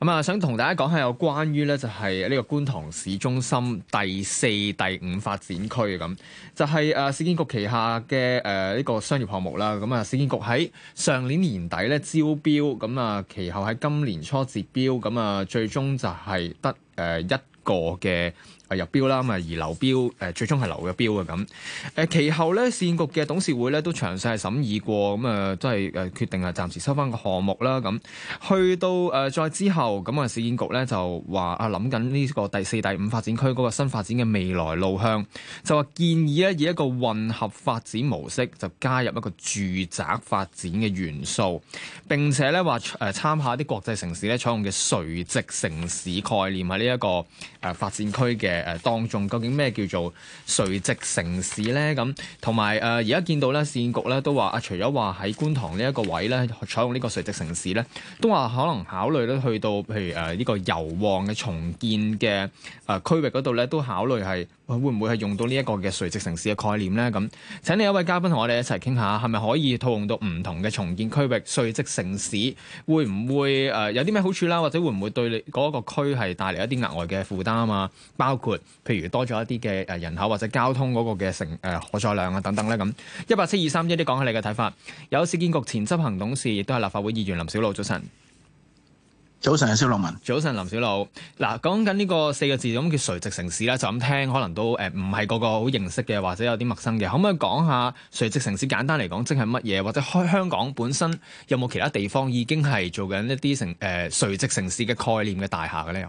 咁啊，想同大家講下有關於咧，就係呢個觀塘市中心第四、第五發展區咁，就係誒市建局旗下嘅誒呢個商業項目啦。咁啊，市建局喺上年年底咧招標，咁啊其後喺今年初截標，咁啊最終就係得誒一個嘅入標啦，咪而流標，誒最終係流嘅標嘅咁。誒其後咧，市建局嘅董事會咧都詳細係審議過，咁、呃、啊都係誒決定係暫時收翻個項目啦。咁去到誒、呃、再之後，咁啊市建局咧就話啊諗緊呢個第四、第五發展區嗰個新發展嘅未來路向，就話建議咧以一個混合發展模式，就加入一個住宅發展嘅元素，並且咧話誒參考一啲國際城市咧採用嘅垂直城市概念喺呢一個誒發展區嘅。誒，當中究竟咩叫做垂直城市咧？咁同埋誒，而家、呃、見到咧，市建局咧都話啊，除咗話喺觀塘呢一個位咧，採用呢個垂直城市咧，都話可能考慮咧去到譬如誒呢、呃這個油旺嘅重建嘅誒區域嗰度咧，都考慮係。會唔會係用到呢一個嘅垂直城市嘅概念呢？咁請你一位嘉賓同我哋一齊傾下，係咪可以套用到唔同嘅重建區域垂直城市？會唔會誒、呃、有啲咩好處啦？或者會唔會對你嗰一個區係帶嚟一啲額外嘅負擔啊？包括譬如多咗一啲嘅人口或者交通嗰個嘅城誒可載量啊等等呢。咁一八七二三一，啲講下你嘅睇法。有市建局前執行董事，亦都係立法會議員林筱魯，早晨。早晨，阿蕭龍文。早晨，林筱魯。嗱，講緊呢個四個字咁叫垂直城市啦。就咁聽，可能都誒唔係個個好認識嘅，或者有啲陌生嘅。可唔可以講下垂直城市？簡單嚟講，即係乜嘢？或者開香港本身有冇其他地方已經係做緊一啲城誒垂直城市嘅概念嘅大廈嘅咧？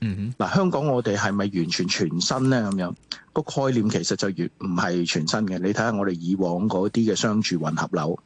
嗱，嗯、香港我哋係咪完全全新咧？咁、那、樣個概念其實就越唔係全新嘅。你睇下我哋以往嗰啲嘅商住混合樓，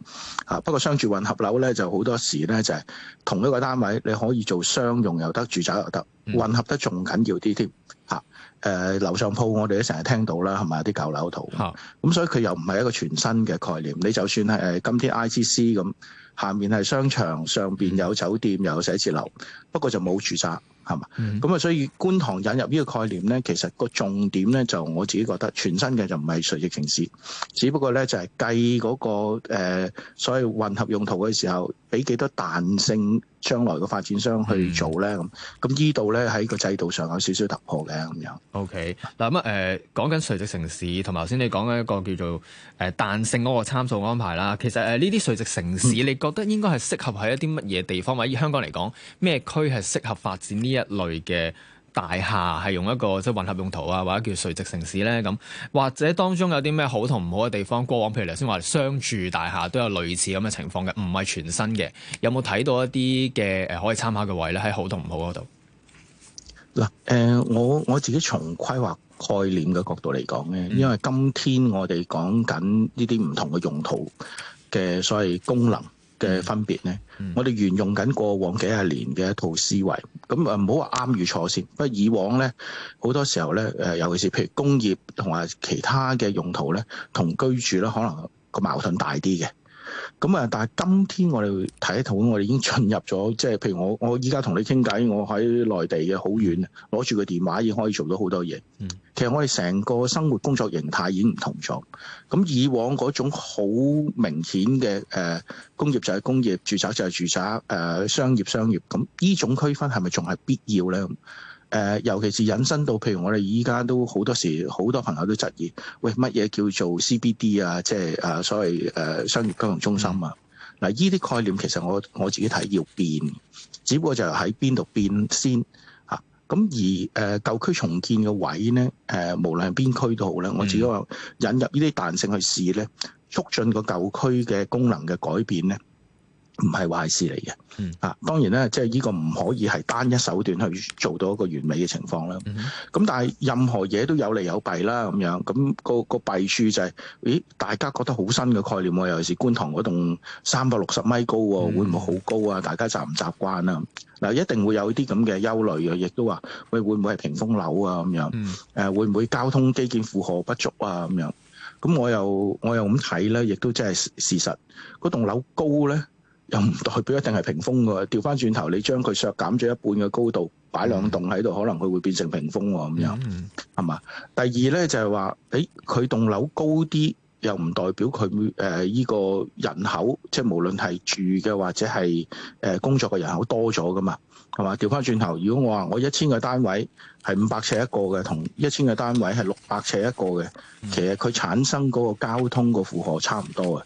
啊，不過商住混合樓咧就好多時咧就係、是、同一個單位你可以做商用又得，住宅又得，嗯、混合得仲緊要啲添。嚇、啊，誒、呃、樓上鋪我哋都成日聽到啦，係咪有啲舊樓圖？嚇、啊，咁、嗯、所以佢又唔係一個全新嘅概念。你就算係誒今天 ICC 咁，下面係商場，上邊有酒店又有寫字樓，嗯、不過就冇住宅。係嘛？咁啊，嗯、所以觀塘引入呢個概念咧，其實個重點咧，就我自己覺得全新嘅就唔係垂直城市，只不過咧就係計嗰個、呃、所謂混合用途嘅時候，俾幾多彈性。嗯將來嘅發展商去做咧，咁咁呢度咧喺個制度上有少少突破嘅咁、嗯、樣。OK，嗱咁誒講緊垂直城市，同埋頭先你講緊一個叫做誒、呃、彈性嗰個參數安排啦。其實誒呢啲垂直城市，嗯、你覺得應該係適合喺一啲乜嘢地方？或者以香港嚟講，咩區係適合發展呢一類嘅？大廈係用一個即係、就是、混合用途啊，或者叫垂直城市咧咁，或者當中有啲咩好同唔好嘅地方？過往譬如頭先話商住大廈都有類似咁嘅情況嘅，唔係全新嘅。有冇睇到一啲嘅誒可以參考嘅位咧？喺好同唔好嗰度？嗱，誒我我自己從規劃概念嘅角度嚟講咧，因為今天我哋講緊呢啲唔同嘅用途嘅所謂功能。嘅分別咧，mm hmm. 我哋沿用緊過往幾十年嘅一套思維，咁啊，唔好話啱與錯先。不過以往咧，好多時候咧，誒尤其是譬如工業同埋其他嘅用途咧，同居住咧可能個矛盾大啲嘅。咁啊、嗯！但係今天我哋會睇一套，我哋已經進入咗，即係譬如我我依家同你傾偈，我喺內地嘅好遠，攞住個電話已經可以做到好多嘢。嗯、其實我哋成個生活工作形態已經唔同咗。咁、嗯、以往嗰種好明顯嘅誒、呃、工業就係工業，住宅就係住宅，誒商業商業。咁呢、嗯、種區分係咪仲係必要咧？誒、呃，尤其是引申到譬如我哋依家都好多時，好多朋友都質疑，喂，乜嘢叫做 CBD 啊？即係誒、呃、所謂誒、呃、商業金融中心啊？嗱、嗯，呢啲概念其實我我自己睇要變，只不過就喺邊度變先嚇。咁、啊、而誒、呃、舊區重建嘅位咧，誒、呃、無論係邊區都好咧，我自己話引入呢啲彈性去試咧，促進個舊區嘅功能嘅改變咧。唔係壞事嚟嘅啊！當然咧，即係呢個唔可以係單一手段去做到一個完美嘅情況啦。咁但係任何嘢都有利有弊啦。咁樣咁個個弊處就係，咦？大家覺得好新嘅概念喎，尤其是觀塘嗰棟三百六十米高喎，會唔會好高啊？大家習唔習慣啊？嗱，一定會有啲咁嘅憂慮啊，亦都話喂，會唔會係屏風樓啊？咁樣誒，會唔會交通基建負荷不足啊？咁樣咁，我又我又咁睇咧，亦都即係事實，嗰棟樓高咧。又唔代表一定係屏風㗎，調翻轉頭，你將佢削減咗一半嘅高度，擺兩棟喺度，可能佢會變成屏風喎，咁樣係嘛？第二咧就係、是、話，誒佢棟樓高啲，又唔代表佢誒依個人口，即係無論係住嘅或者係誒、呃、工作嘅人口多咗噶嘛，係嘛？調翻轉頭，如果我話我一千個單位係五百尺一個嘅，同一千個單位係六百尺一個嘅，其實佢產生嗰個交通個負荷差唔多嘅，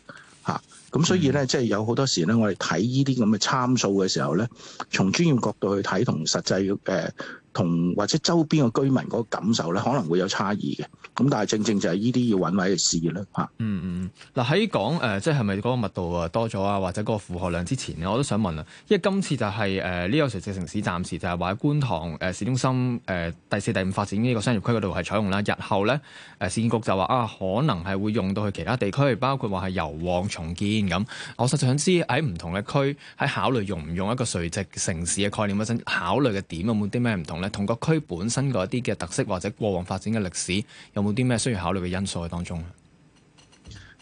嚇。咁所以咧，嗯、即係有好多時咧，我哋睇呢啲咁嘅參數嘅時候咧，從專業角度去睇，同實際誒、呃同或者周邊嘅居民嗰個感受咧，可能會有差異嘅。咁但係正正就係呢啲要揾位去試咧嚇。嗯嗯，嗱喺講誒，即係係咪嗰個密度啊多咗啊，或者嗰個負荷量之前咧，我都想問啊。因為今次就係誒呢個垂直城市暫時就係話喺觀塘誒、呃、市中心誒、呃、第四、第五發展呢個商業區嗰度係採用啦。日後咧誒、呃，市建局就話啊，可能係會用到去其他地區，包括話係油旺重建咁。我實在想知喺唔同嘅區喺考慮用唔用一個垂直城市嘅概念嗰陣，考慮嘅點有冇啲咩唔同咧？同個區本身嗰啲嘅特色或者過往發展嘅歷史，有冇啲咩需要考慮嘅因素喺當中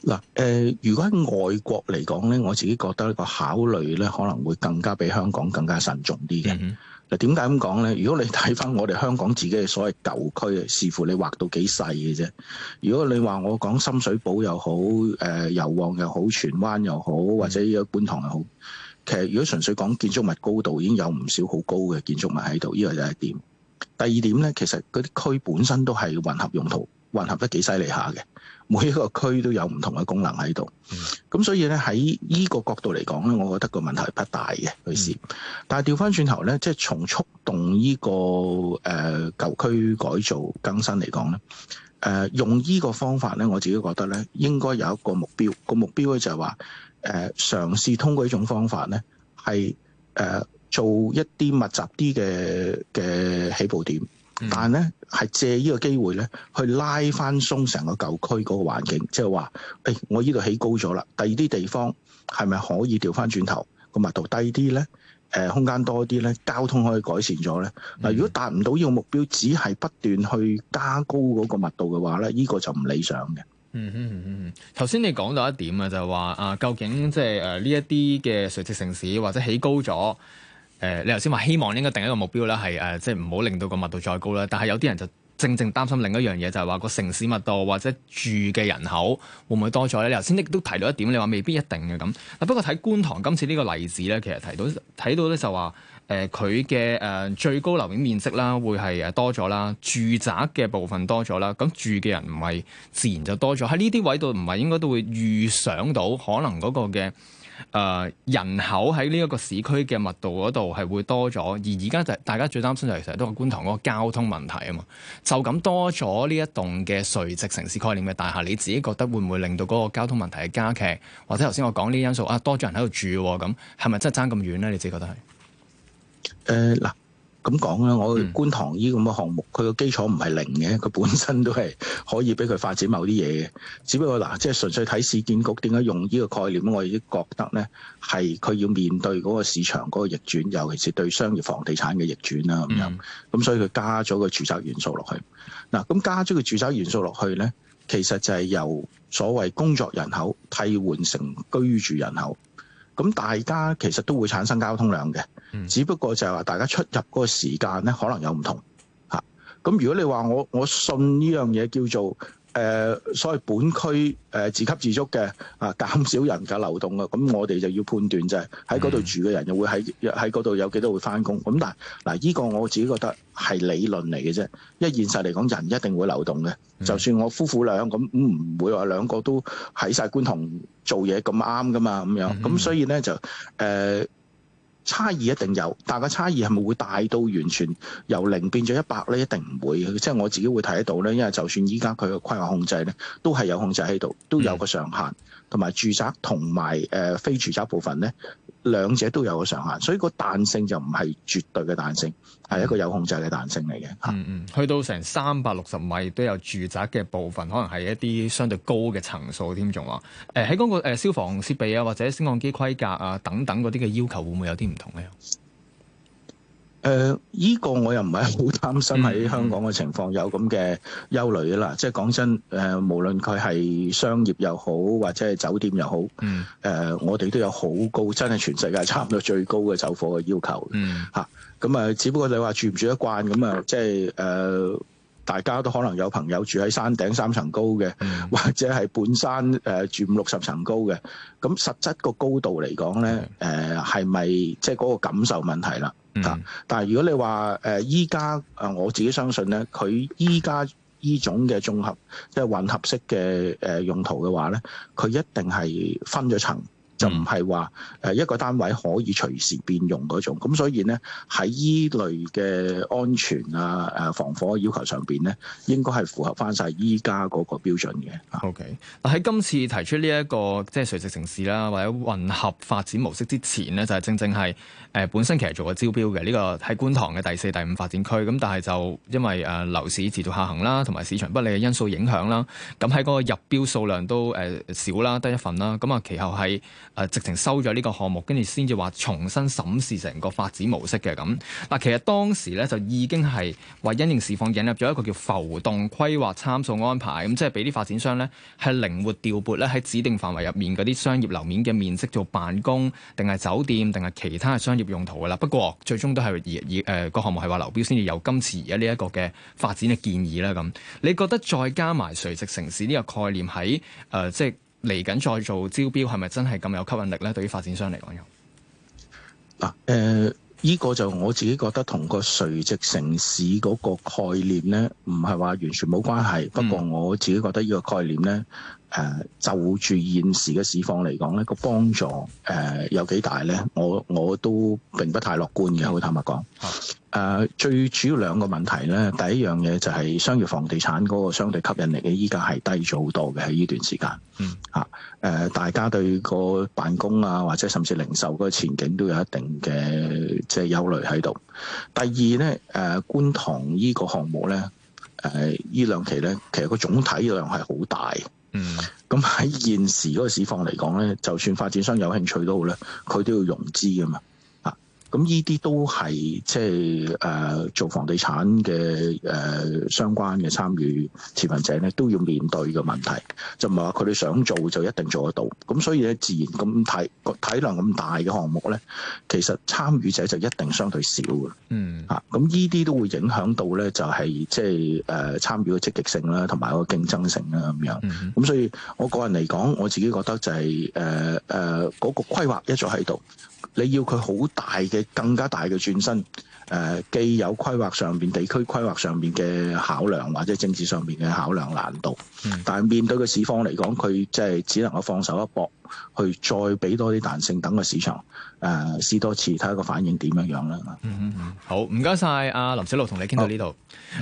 嗱，誒、呃呃，如果喺外國嚟講咧，我自己覺得呢個考慮咧，可能會更加比香港更加慎重啲嘅。嗱、嗯哼，點解咁講咧？如果你睇翻我哋香港自己嘅所謂舊區，視乎你劃到幾細嘅啫。如果你話我講深水埗又好，誒油旺又好，荃灣又好，或者依個觀塘又好。嗯其實，如果純粹講建築物高度，已經有唔少好高嘅建築物喺度，呢、這個就係點。第二點咧，其實嗰啲區本身都係混合用途，混合得幾犀利下嘅，每一個區都有唔同嘅功能喺度。咁、嗯、所以咧，喺依個角度嚟講咧，我覺得個問題不大嘅，好似、嗯。但係調返轉頭咧，即係從觸動呢、這個誒舊區改造更新嚟講咧，誒、呃、用依個方法咧，我自己覺得咧應該有一個目標，個目標咧就係話。誒嘗試通過呢種方法咧，係誒、呃、做一啲密集啲嘅嘅起步點，嗯、但咧係借依個機會咧，去拉翻鬆成個舊區嗰個環境，即係話誒，我依度起高咗啦，第二啲地方係咪可以調翻轉頭個密度低啲咧？誒、呃、空間多啲咧，交通可以改善咗咧？嗱、嗯，如果達唔到依個目標，只係不斷去加高嗰個密度嘅話咧，依、這個就唔理想嘅。嗯嗯嗯嗯嗯，頭先你講到一點啊，就係話啊，究竟即係誒呢一啲嘅垂直城市或者起高咗誒、呃，你頭先話希望應該定一個目標咧，係誒即係唔好令到個密度再高咧。但係有啲人就正正擔心另一樣嘢，就係話個城市密度或者住嘅人口會唔會多咗咧？你頭先亦都提到一點，你話未必一定嘅咁。嗱，不過睇觀塘今次呢個例子咧，其實提到睇到咧就話。誒佢嘅誒最高樓面面積啦，會係誒多咗啦。住宅嘅部分多咗啦，咁、嗯、住嘅人唔係自然就多咗喺呢啲位度，唔係應該都會預想到可能嗰個嘅誒、呃、人口喺呢一個市區嘅密度嗰度係會多咗。而而家就大家最擔心就係成日都個觀塘嗰個交通問題啊嘛。就咁多咗呢一棟嘅垂直城市概念嘅大廈，你自己覺得會唔會令到嗰個交通問題加劇？或者頭先我講呢啲因素啊，多咗人喺度住咁，係咪真係爭咁遠咧？你自己覺得係？誒嗱，咁講啦，我觀塘依咁嘅項目，佢個、嗯、基礎唔係零嘅，佢本身都係可以俾佢發展某啲嘢嘅。只不過嗱，即係純粹睇市建局點解用呢個概念，我已經覺得咧，係佢要面對嗰個市場嗰個逆轉，尤其是對商業房地產嘅逆轉啦咁樣。咁、嗯、所以佢加咗個住宅元素落去。嗱，咁加咗個住宅元素落去咧，其實就係由所謂工作人口替換成居住人口。咁大家其實都會產生交通量嘅，嗯、只不過就係話大家出入嗰個時間咧，可能有唔同吓。咁、啊、如果你話我，我信呢樣嘢叫做。誒，所謂本區誒自給自足嘅啊，減少人嘅流動咯。咁我哋就要判斷就係喺嗰度住嘅人，又會喺喺嗰度有幾多會翻工。咁但係嗱，呢個我自己覺得係理論嚟嘅啫。因為現實嚟講，人一定會流動嘅。就算我夫婦兩，咁唔會話兩個都喺曬觀塘做嘢咁啱噶嘛，咁樣，咁所以咧就誒。差異一定有，但係個差異係咪會大到完全由零變咗一百呢？一定唔會，即係我自己會睇得到呢，因為就算依家佢嘅規劃控制呢，都係有控制喺度，都有個上限。嗯。同埋住宅同埋誒非住宅部分咧，兩者都有個上限，所以個彈性就唔係絕對嘅彈性，係一個有控制嘅彈性嚟嘅。嗯嗯，去到成三百六十米都有住宅嘅部分，可能係一啲相對高嘅層數添，仲話誒喺嗰個、呃、消防設備啊，或者升降機規格啊等等嗰啲嘅要求，會唔會有啲唔同咧？誒依、呃依個我又唔係好擔心喺香港嘅情況、嗯、有咁嘅憂慮啦，即係講真，誒、呃、無論佢係商業又好，或者係酒店又好，誒、嗯呃、我哋都有好高，真係全世界差唔多最高嘅走火嘅要求，嚇咁、嗯、啊、呃！只不過你話住唔住得慣咁啊，即係誒。呃大家都可能有朋友住喺山頂三層高嘅，mm hmm. 或者係半山誒、呃、住五六十層高嘅，咁實質個高度嚟講呢，誒係咪即係嗰個感受問題啦？Mm hmm. 但係如果你話誒依家誒我自己相信呢，佢依家呢種嘅綜合即係混合式嘅誒、呃、用途嘅話呢，佢一定係分咗層。就唔係話誒一個單位可以隨時變用嗰種，咁所以呢，喺依類嘅安全啊、誒防火嘅要求上邊呢，應該係符合翻晒依家嗰個標準嘅。O K. 喺今次提出呢、這、一個即係垂直城市啦，或者混合發展模式之前呢，就係、是、正正係誒、呃、本身其實做過招標嘅呢、這個喺觀塘嘅第四、第五發展區，咁但係就因為誒、呃、樓市持續下行啦，同埋市場不利嘅因素影響啦，咁喺嗰個入標數量都誒、呃、少啦，得一份啦，咁啊其後係。誒、呃、直情收咗呢個項目，跟住先至話重新審視成個發展模式嘅咁。嗱，其實當時咧就已經係話因應市況引入咗一個叫浮動規劃參數安排，咁、嗯、即係俾啲發展商咧係靈活調撥咧喺指定範圍入面嗰啲商業樓面嘅面積做辦公、定係酒店、定係其他商業用途噶啦。不過最終都係而而誒個項目係話流標，先至有今次而家呢一個嘅發展嘅建議啦咁、嗯。你覺得再加埋垂直城市呢個概念喺誒、呃、即係？嚟緊再做招標，係咪真係咁有吸引力呢？對於發展商嚟講呢，嗱，啊呃呢個就我自己覺得同個垂直城市嗰個概念呢，唔係話完全冇關係。嗯、不過我自己覺得呢個概念呢。誒、呃、就住現時嘅市況嚟講咧，個幫助誒、呃、有幾大咧？我我都並不太樂觀嘅，好坦白講。誒、呃、最主要兩個問題咧，第一樣嘢就係商業房地產嗰個相對吸引力咧，依家係低咗好多嘅喺呢段時間。嗯。嚇、啊呃、大家對個辦公啊，或者甚至零售嗰個前景都有一定嘅即係憂慮喺度。第二咧誒、呃，觀塘依個項目咧，誒依兩期咧，其實個總體量係好大。嗯，咁喺現時嗰個市況嚟講咧，就算發展商有興趣都好咧，佢都要融資噶嘛。咁呢啲都係即係誒做房地產嘅誒相關嘅參與持份者咧，都要面對嘅問題，就唔係話佢哋想做就一定做得到。咁所以咧，自然咁體體量咁大嘅項目咧，其實參與者就一定相對少嘅。嗯，嚇，咁呢啲都會影響到咧，就係即係誒參與嘅積極性啦，同埋個競爭性啦咁樣。咁所以我個人嚟講，我自己覺得就係誒誒嗰個規劃一早喺度。你要佢好大嘅，更加大嘅轉身，呃，既有規劃上邊地區規劃上面嘅考量，或者政治上面嘅考量難度，但係面對個市況嚟講，佢即係只能夠放手一搏。去再俾多啲彈性，等個市場誒、呃、試多次，睇下個反應點樣樣啦。嗯嗯，好，唔該晒，啊林筱魯，同你傾到呢度。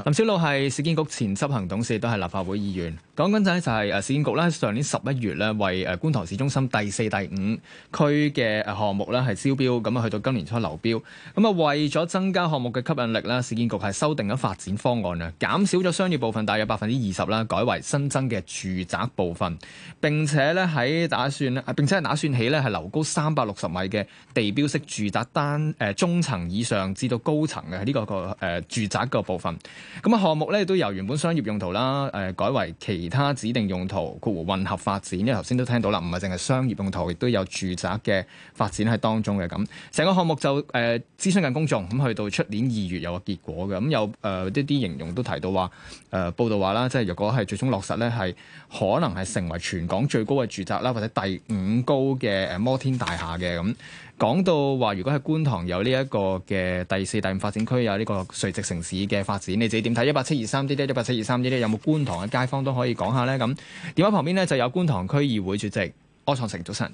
林筱魯係市建局前執行董事，亦都係立法會議員。講緊就係誒市建局咧，上年十一月咧，為誒觀塘市中心第四、第五區嘅項目咧係招標，咁啊去到今年初流標。咁啊為咗增加項目嘅吸引力咧，市建局係修訂咗發展方案啊，減少咗商業部分，大約百分之二十啦，改為新增嘅住宅部分。並且咧喺打算。並且係打算起咧係樓高三百六十米嘅地標式住宅單誒、呃、中層以上至到高層嘅呢、這個個誒、呃、住宅個部分。咁、嗯、啊項目咧都由原本商業用途啦誒、呃，改為其他指定用途，括弧混合發展。因為頭先都聽到啦，唔係淨係商業用途，亦都有住宅嘅發展喺當中嘅咁。成個項目就誒、呃、諮詢緊公眾，咁、嗯、去到出年二月有個結果嘅。咁、嗯、有誒一啲形容都提到話誒、呃、報道話啦，即係若果係最終落實咧，係可能係成為全港最高嘅住宅啦，或者第。五高嘅誒摩天大廈嘅。咁講到話，如果喺觀塘有呢一個嘅第四、第五發展區有呢個垂直城市嘅發展，你自己點睇？一八七二三滴滴，一八七二三滴滴，有冇觀塘嘅街坊都可以講下咧。咁電話旁邊咧就有觀塘區議會主席柯創盛，早晨。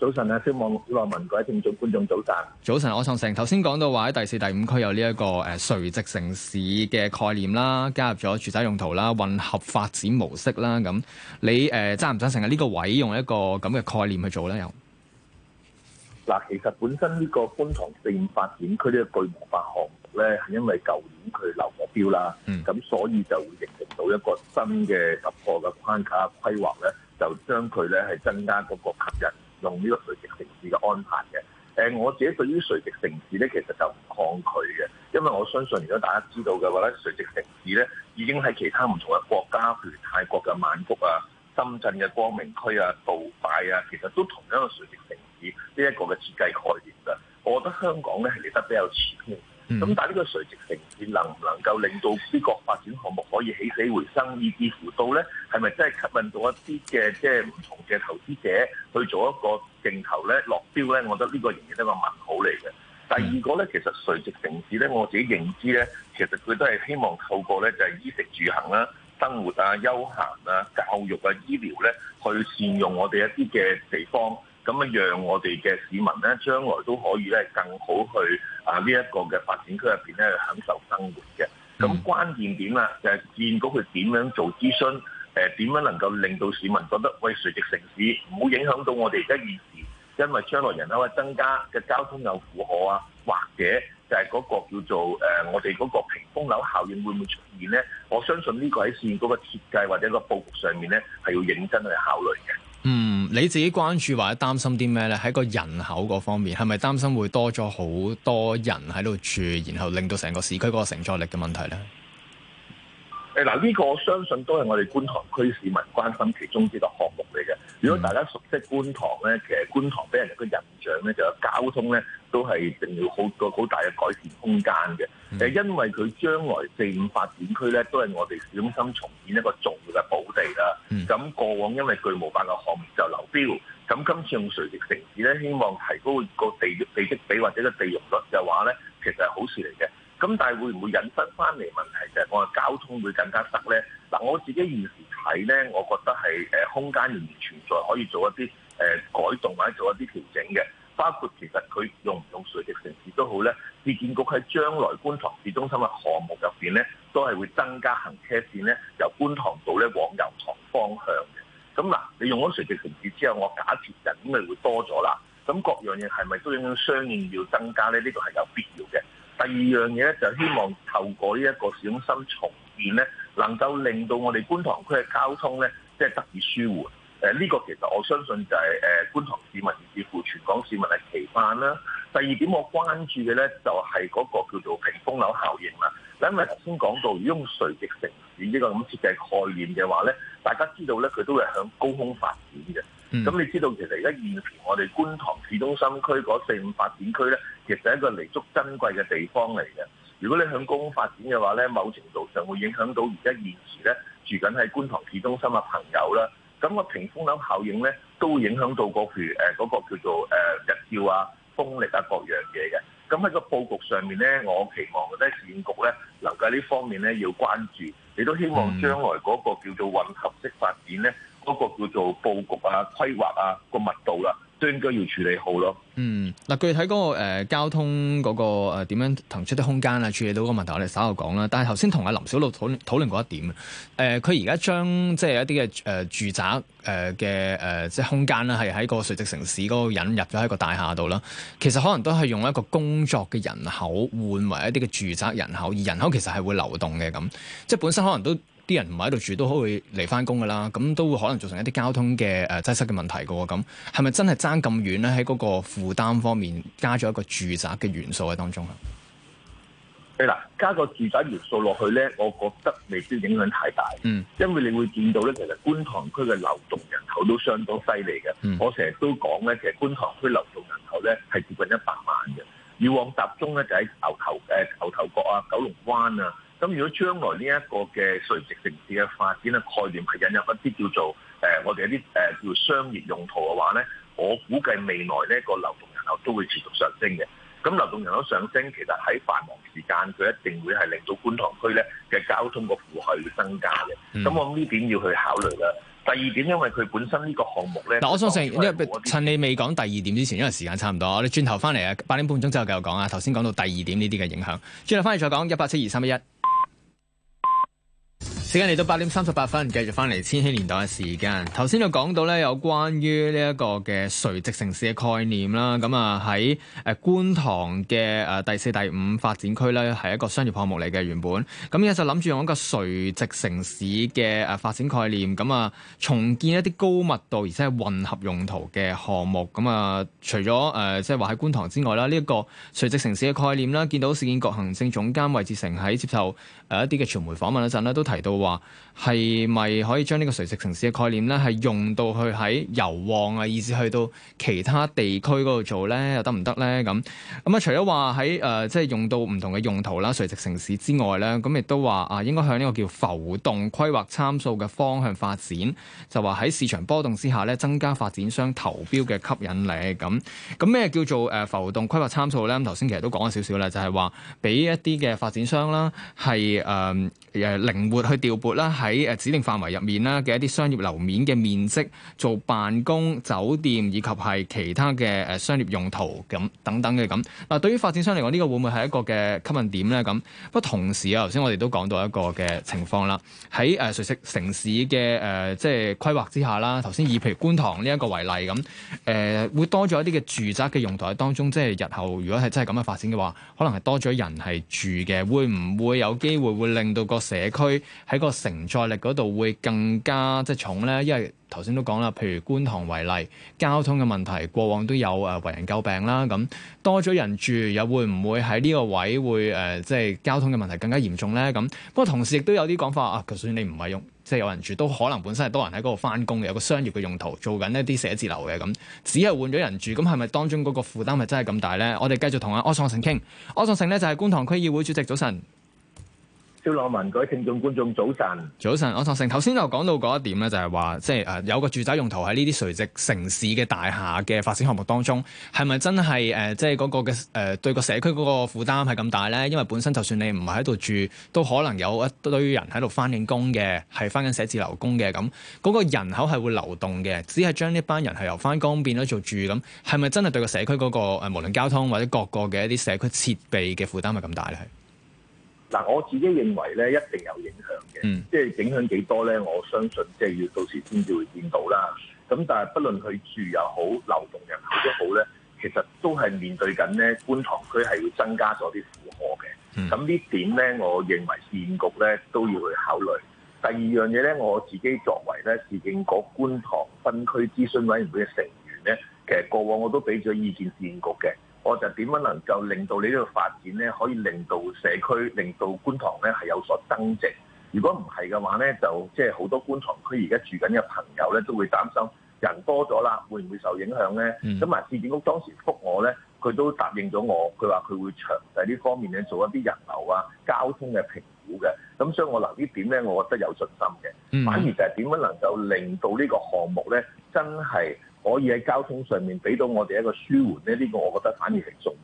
早晨啊，希望內民各位聽眾、觀眾早晨。早晨，我創盛頭先講到話喺第四、第五區有呢、這、一個誒垂直城市嘅概念啦，加入咗住宅用途啦、混合發展模式啦，咁你誒讚唔讚成日呢個位用一個咁嘅概念去做咧？又嗱，其實本身呢個觀塘四五發展區呢個巨無霸項目咧，係因為舊年佢留目標啦，咁、嗯、所以就會形成到一個新嘅突破嘅框架規劃咧，就將佢咧係增加嗰個吸引。用呢個垂直城市嘅安排嘅，誒、呃、我自己對於垂直城市咧，其實就唔抗拒嘅，因為我相信如果大家知道嘅話咧，垂直城市咧已經喺其他唔同嘅國家，譬如泰國嘅曼谷啊、深圳嘅光明區啊、杜拜啊，其實都同樣嘅垂直城市呢一個嘅設計概念㗎。我覺得香港咧係嚟得比較遲嘅，咁、嗯、但係呢個垂直城市能唔能夠令到呢個發展項目可以起死回生，以至乎到咧係咪真係吸引到一啲嘅即係唔同嘅投資者去做一個競投咧落標咧，我覺得呢個仍然都係個問號嚟嘅。第二個咧，其實垂直城市咧，我自己認知咧，其實佢都係希望透過咧就係、是、衣食住行啦、生活啊、休閒啊、教育啊、醫療咧，去善用我哋一啲嘅地方，咁啊讓我哋嘅市民咧，將來都可以咧更好去啊呢一個嘅發展區入邊咧享受生活嘅。咁關鍵點啦，就係、是、見到佢點樣做諮詢。誒點、呃、樣能夠令到市民覺得垂直城市唔好影響到我哋而家現時，因為將來人口嘅增加嘅交通又負荷啊，或者就係嗰個叫做誒、呃、我哋嗰個屏風樓效應會唔會出現咧？我相信呢個喺線嗰個設計或者個佈局上面咧係要認真去考慮嘅。嗯，你自己關注或者擔心啲咩咧？喺個人口嗰方面，係咪擔心會多咗好多人喺度住，然後令到成個市區嗰個承載力嘅問題咧？嗱，呢個我相信都係我哋觀塘區市民關心其中之個項目嚟嘅。如果大家熟悉觀塘咧，其實觀塘俾人個印象咧，就交通咧都係一定要好個好大嘅改善空間嘅。誒、嗯，因為佢將來四五發展區咧，都係我哋市中心重建一個重要嘅寶地啦。咁、嗯嗯、過往因為巨無霸嘅項目就流標，咁今次用垂直城市咧，希望提高個地地、地積比或者個地容率嘅話咧，其實係好事嚟嘅。咁但係會唔會引申翻嚟問題就係我嘅交通會更加塞咧？嗱，我自己現時睇咧，我覺得係誒空間仍然存在可以做一啲誒改動或者做一啲調整嘅。包括其實佢用唔用垂直城市都好咧，市建局喺將來觀塘市中心嘅項目入邊咧，都係會增加行車線咧，由觀塘道咧往油塘方向嘅。咁嗱，你用咗垂直城市之後，我假設人咁咪會多咗啦。咁各樣嘢係咪都應該相應要增加咧？呢個係有必要嘅。第二樣嘢咧，就希望透過呢一個市中心重建咧，能夠令到我哋觀塘區嘅交通咧，即係得以舒緩。誒、這、呢個其實我相信就係、是、誒、呃、觀塘市民，甚至乎全港市民係期盼啦。第二點我關注嘅咧，就係、是、嗰個叫做屏風樓效應啦。 因為頭先講到如果用垂直城市，以、這、呢個咁設計概念嘅話咧，大家知道咧，佢都會向高空發展嘅。咁你知道其實而家現時我哋觀塘市中心區嗰四五發展區咧，其實係一個彌足珍貴嘅地方嚟嘅。如果你向高空發展嘅話咧，某程度上會影響到而家現時咧住緊喺觀塘市中心嘅朋友啦。咁個屏風樓效應咧，都影響到個譬如誒嗰個叫做誒日照啊、風力啊各樣嘢嘅。咁喺個佈局上面咧，我期望咧建局咧留夠呢方面咧要關注。你都希望將來嗰個叫做混合式發展咧？嗰個叫做佈局啊、規劃啊、個密度啦、啊，都應該要處理好咯。嗯，嗱、啊，具體嗰個、呃、交通嗰、那個誒點、呃、樣騰出啲空間啊，處理到個問題，我哋稍後講啦。但係頭先同阿林筱魯討論討論過一點，誒、呃，佢而家將即係一啲嘅誒住宅誒嘅誒即係空間啦、啊，係喺個垂直城市嗰個引入咗喺個大廈度啦。其實可能都係用一個工作嘅人口換為一啲嘅住宅人口，而人口其實係會流動嘅，咁即係本身可能都。啲人唔喺度住都可以嚟翻工噶啦，咁都會可能造成一啲交通嘅誒擠塞嘅問題嘅喎，咁係咪真係爭咁遠咧？喺嗰個負擔方面加咗一個住宅嘅元素喺當中啊？係啦，加個住宅元素落去咧，我覺得未必影響太大。嗯，因為你會見到咧，其實觀塘區嘅流動人口都相當犀利嘅。嗯，我成日都講咧，其實觀塘區流動人口咧係接近一百萬嘅，以往集中咧就喺牛頭誒牛頭角啊、九龍灣啊。咁如果將來呢一個嘅垂直城市嘅發展咧概念係引入一啲叫做誒、呃、我哋一啲誒、呃、叫做商業用途嘅話咧，我估計未來呢個流動人口都會持續上升嘅。咁流動人口上升，其實喺繁忙時間佢一定會係令到觀塘區咧嘅交通個負荷增加嘅。咁、嗯、我諗呢點要去考慮啦。第二點，因為佢本身呢個項目咧，嗱我想成趁你未講第二點之前，因為時間差唔多，我哋轉頭翻嚟啊，八點半鐘之後繼續講啊。頭先講到第二點呢啲嘅影響，轉頭翻嚟再講一八七二三一一。時間嚟到八點三十八分，繼續翻嚟千禧年代嘅時間。頭先就講到咧，有關於呢一個嘅垂直城市嘅概念啦。咁啊，喺誒觀塘嘅誒第四、第五發展區咧，係一個商業項目嚟嘅原本。咁而家就諗住用一個垂直城市嘅誒發展概念，咁啊重建一啲高密度而且係混合用途嘅項目。咁啊，除咗誒即係話喺觀塘之外啦，呢一個垂直城市嘅概念啦，見到市建局行政總監韋志成喺接受。喺一啲嘅傳媒訪問嗰陣呢，都提到話，係咪可以將呢個垂直城市嘅概念咧，係用到去喺油旺啊，以至去到其他地區嗰度做咧，又得唔得咧？咁咁啊，除咗話喺誒，即係用到唔同嘅用途啦，垂直城市之外咧，咁、嗯、亦都話啊，應該向呢個叫浮動規劃參數嘅方向發展，就話喺市場波動之下咧，增加發展商投標嘅吸引力。咁咁咩叫做誒、呃、浮動規劃參數咧？咁頭先其實都講咗少少啦，就係話俾一啲嘅發展商啦，係、嗯、誒。嗯靈活去調撥啦，喺誒指定範圍入面啦嘅一啲商業樓面嘅面積，做辦公、酒店以及係其他嘅誒商業用途咁等等嘅咁。嗱，對於發展商嚟講，呢、這個會唔會係一個嘅吸引點呢？咁不過同時啊，頭先我哋都講到一個嘅情況啦，喺誒垂直城市嘅誒、呃、即係規劃之下啦。頭先以譬如觀塘呢一個為例咁，誒、呃、會多咗一啲嘅住宅嘅用途喺當中，即係日後如果係真係咁樣發展嘅話，可能係多咗人係住嘅，會唔會有機會會令到個社區喺個承載力嗰度會更加即係重呢？因為頭先都講啦，譬如觀塘為例，交通嘅問題過往都有誒為人詬病啦，咁多咗人住又會唔會喺呢個位會誒即係交通嘅問題更加嚴重呢？咁不過同時亦都有啲講法，啊，就算你唔係用即係有人住，都可能本身係多人喺嗰度翻工嘅，有個商業嘅用途，做緊一啲寫字樓嘅咁，只係換咗人住，咁係咪當中嗰個負擔係真係咁大呢？我哋繼續同阿柯創盛傾，柯創盛呢，就係觀塘區議會主席，早晨。少浪文，各位聽眾觀眾早晨，早晨，早晨。我頭先頭先就講到嗰一點咧，就係話即係誒，有個住宅用途喺呢啲垂直城市嘅大廈嘅發展項目當中，係咪真係誒，即係嗰個嘅誒、呃，對社區個社區嗰個負擔係咁大咧？因為本身就算你唔係喺度住，都可能有一堆人喺度翻緊工嘅，係翻緊寫字樓工嘅，咁、那、嗰個人口係會流動嘅，只係將呢班人係由翻工變咗做住，咁係咪真係對社區、那個社區嗰個誒，無論交通或者各個嘅一啲社區設備嘅負擔係咁大咧？嗱，我自己認為咧，一定有影響嘅，即係影響幾多咧？我相信即係要到時先至會見到啦。咁但係，不論佢住又好，流動人口都好咧，其實都係面對緊咧觀塘區係要增加咗啲負荷嘅。咁 呢點咧，我認為市建局咧都要去考慮。第二樣嘢咧，我自己作為咧，市建局觀塘分區諮詢委員會嘅成員咧，其實過往我都俾咗意見市建局嘅。我就點樣能夠令到你呢個發展咧，可以令到社區、令到觀塘咧係有所增值？如果唔係嘅話咧，就即係好多觀塘區而家住緊嘅朋友咧，都會擔心人多咗啦，會唔會受影響咧？咁啊，市建局當時覆我咧，佢都答應咗我，佢話佢會詳細呢方面咧做一啲人流啊、交通嘅評估嘅。咁所以，我留呢點咧，我覺得有信心嘅。反而就係點樣能夠令到呢個項目咧，真係。可以喺交通上面俾到我哋一個舒緩咧，呢個我覺得反而係重。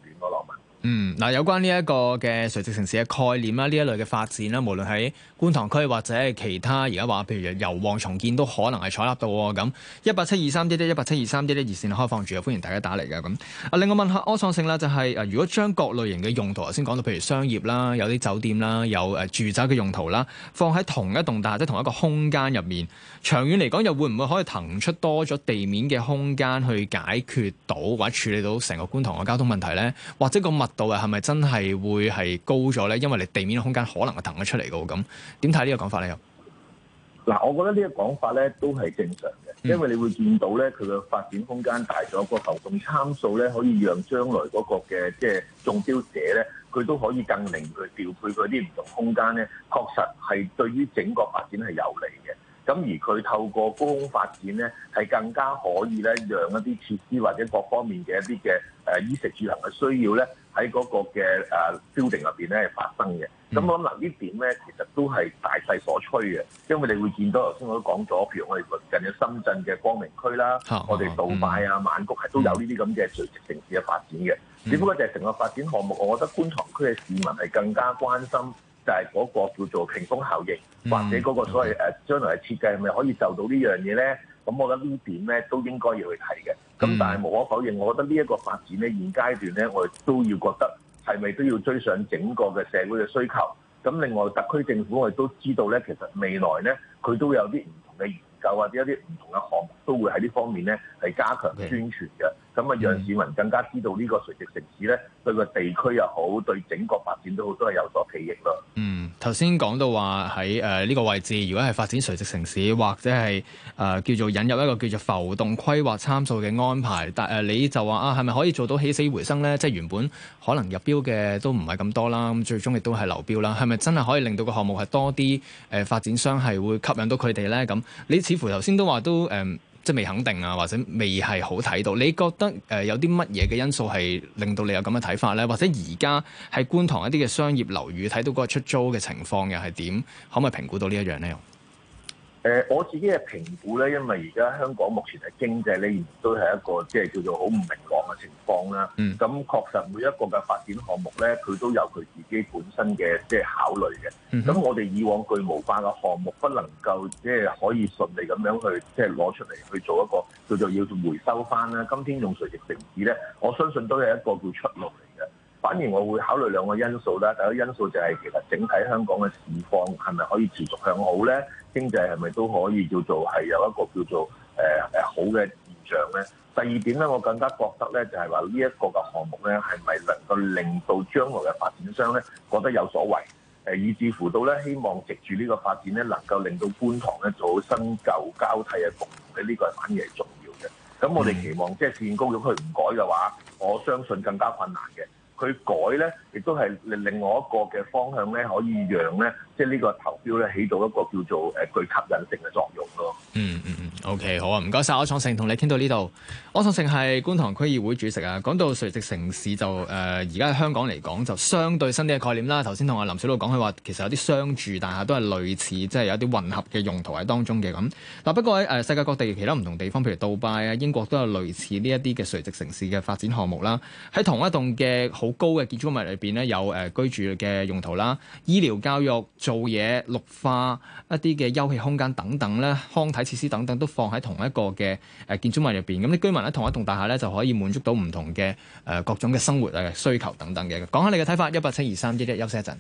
嗯，嗱、啊，有關呢一個嘅垂直城市嘅概念啦，呢一類嘅發展啦，無論喺觀塘區或者係其他，而家話譬如油旺重建都可能係採納到喎。咁一八七二三啲一八七二三啲啲熱線開放住，歡迎大家打嚟嘅。咁啊，另外問下柯創盛啦，就係、是、誒，如果將各類型嘅用途，頭先講到譬如商業啦，有啲酒店啦，有誒住宅嘅用途啦，放喺同一棟大或者同一個空間入面，長遠嚟講又會唔會可以騰出多咗地面嘅空間去解決到或者處理到成個觀塘嘅交通問題咧？或者個物到位係咪真係會係高咗咧？因為你地面空間可能係騰咗出嚟㗎喎，咁點睇呢個講法咧？又嗱，我覺得呢個講法咧都係正常嘅，因為你會見到咧佢嘅發展空間大咗，個流動參數咧可以讓將來嗰個嘅即係中標者咧，佢都可以更靈活地調配佢啲唔同空間咧，確實係對於整個發展係有利嘅。咁而佢透過高空發展咧，係更加可以咧讓一啲設施或者各方面嘅一啲嘅誒衣食住行嘅需要咧。喺嗰個嘅誒、uh, building 入邊咧係發生嘅，咁我諗嗱、呃、呢點咧，其實都係大勢所趨嘅，因為你會見到頭先我都講咗譬如我哋近嘅深圳嘅光明區啦，我哋杜拜啊、啊嗯、曼谷係都有呢啲咁嘅垂直城市嘅發展嘅，嗯、只不過就係成個發展項目，我覺得觀塘區嘅市民係更加關心就係嗰個叫做屏風效應，嗯、或者嗰個所謂誒將來嘅設計係咪可以受到呢樣嘢咧？咁我覺得呢點咧都應該要去睇嘅。咁、嗯、但係無可否認，我覺得呢一個發展咧，現階段咧，我哋都要覺得係咪都要追上整個嘅社會嘅需求？咁另外，特區政府我哋都知道咧，其實未來咧，佢都有啲唔同嘅研究，或者一啲唔同嘅項目都會喺呢方面咧係加強宣傳嘅。咁啊，讓市民更加知道呢個垂直城市呢，對個地區又好，對整個發展都好，都係有所裨益咯。嗯，頭先講到話，喺誒呢個位置，如果係發展垂直城市，或者係誒、呃、叫做引入一個叫做浮動規劃參數嘅安排，但誒、呃、你就話啊，係咪可以做到起死回生呢？即係原本可能入標嘅都唔係咁多啦，咁最終亦都係流標啦。係咪真係可以令到個項目係多啲誒、呃、發展商係會吸引到佢哋呢？咁你似乎頭先都話都誒。呃即未肯定啊，或者未係好睇到。你覺得誒有啲乜嘢嘅因素係令到你有咁嘅睇法咧？或者而家喺觀塘一啲嘅商業樓宇睇到嗰個出租嘅情況，又係點？可唔可以評估到呢一樣咧？誒我自己嘅評估咧，因為而家香港目前嘅經濟咧，都係一個即係叫做好唔明朗嘅情況啦。咁確、mm hmm. 實每一個嘅發展項目咧，佢都有佢自己本身嘅即係考慮嘅。咁、mm hmm. 我哋以往巨無霸嘅項目不能夠即係可以順利咁樣去即係攞出嚟去做一個叫做要回收翻啦。今天用垂直城市咧？我相信都係一個叫出路嚟嘅。反而我會考慮兩個因素啦。第一個因素就係、是，其實整體香港嘅市況係咪可以持續向好咧？經濟係咪都可以叫做係有一個叫做誒誒、呃、好嘅現象咧？第二點咧，我更加覺得咧就係話呢一個嘅項目咧係咪能夠令到將來嘅發展商咧覺得有所為誒，以至乎到咧希望藉住呢個發展咧能夠令到觀塘咧做好新舊交替嘅服務嘅呢、這個反而係重要嘅。咁我哋期望即係建高咗佢唔改嘅話，我相信更加困難嘅。佢改咧，亦都係另另外一個嘅方向咧，可以讓咧。即係呢個投標咧，起到一個叫做誒具吸引力嘅作用咯、嗯。嗯嗯嗯，OK，好啊，唔該晒。柯創盛同你傾到呢度。柯創盛係觀塘區議會主席啊。講到垂直城市就誒，而家喺香港嚟講就相對新啲嘅概念啦。頭先同阿林筱魯講佢話，其實有啲商住大廈都係類似，即係有啲混合嘅用途喺當中嘅咁。嗱，不過誒、呃，世界各地其他唔同地方，譬如杜拜啊、英國都有類似呢一啲嘅垂直城市嘅發展項目啦。喺同一棟嘅好高嘅建築物裏邊咧，有誒、呃、居住嘅用途啦、醫療、教育。做嘢、綠化一啲嘅休憩空間等等咧，康體設施等等都放喺同一個嘅誒建築物入邊。咁啲居民咧同一棟大廈咧就可以滿足到唔同嘅誒各種嘅生活嘅需求等等嘅。講下你嘅睇法，一八七二三一一，休息一陣。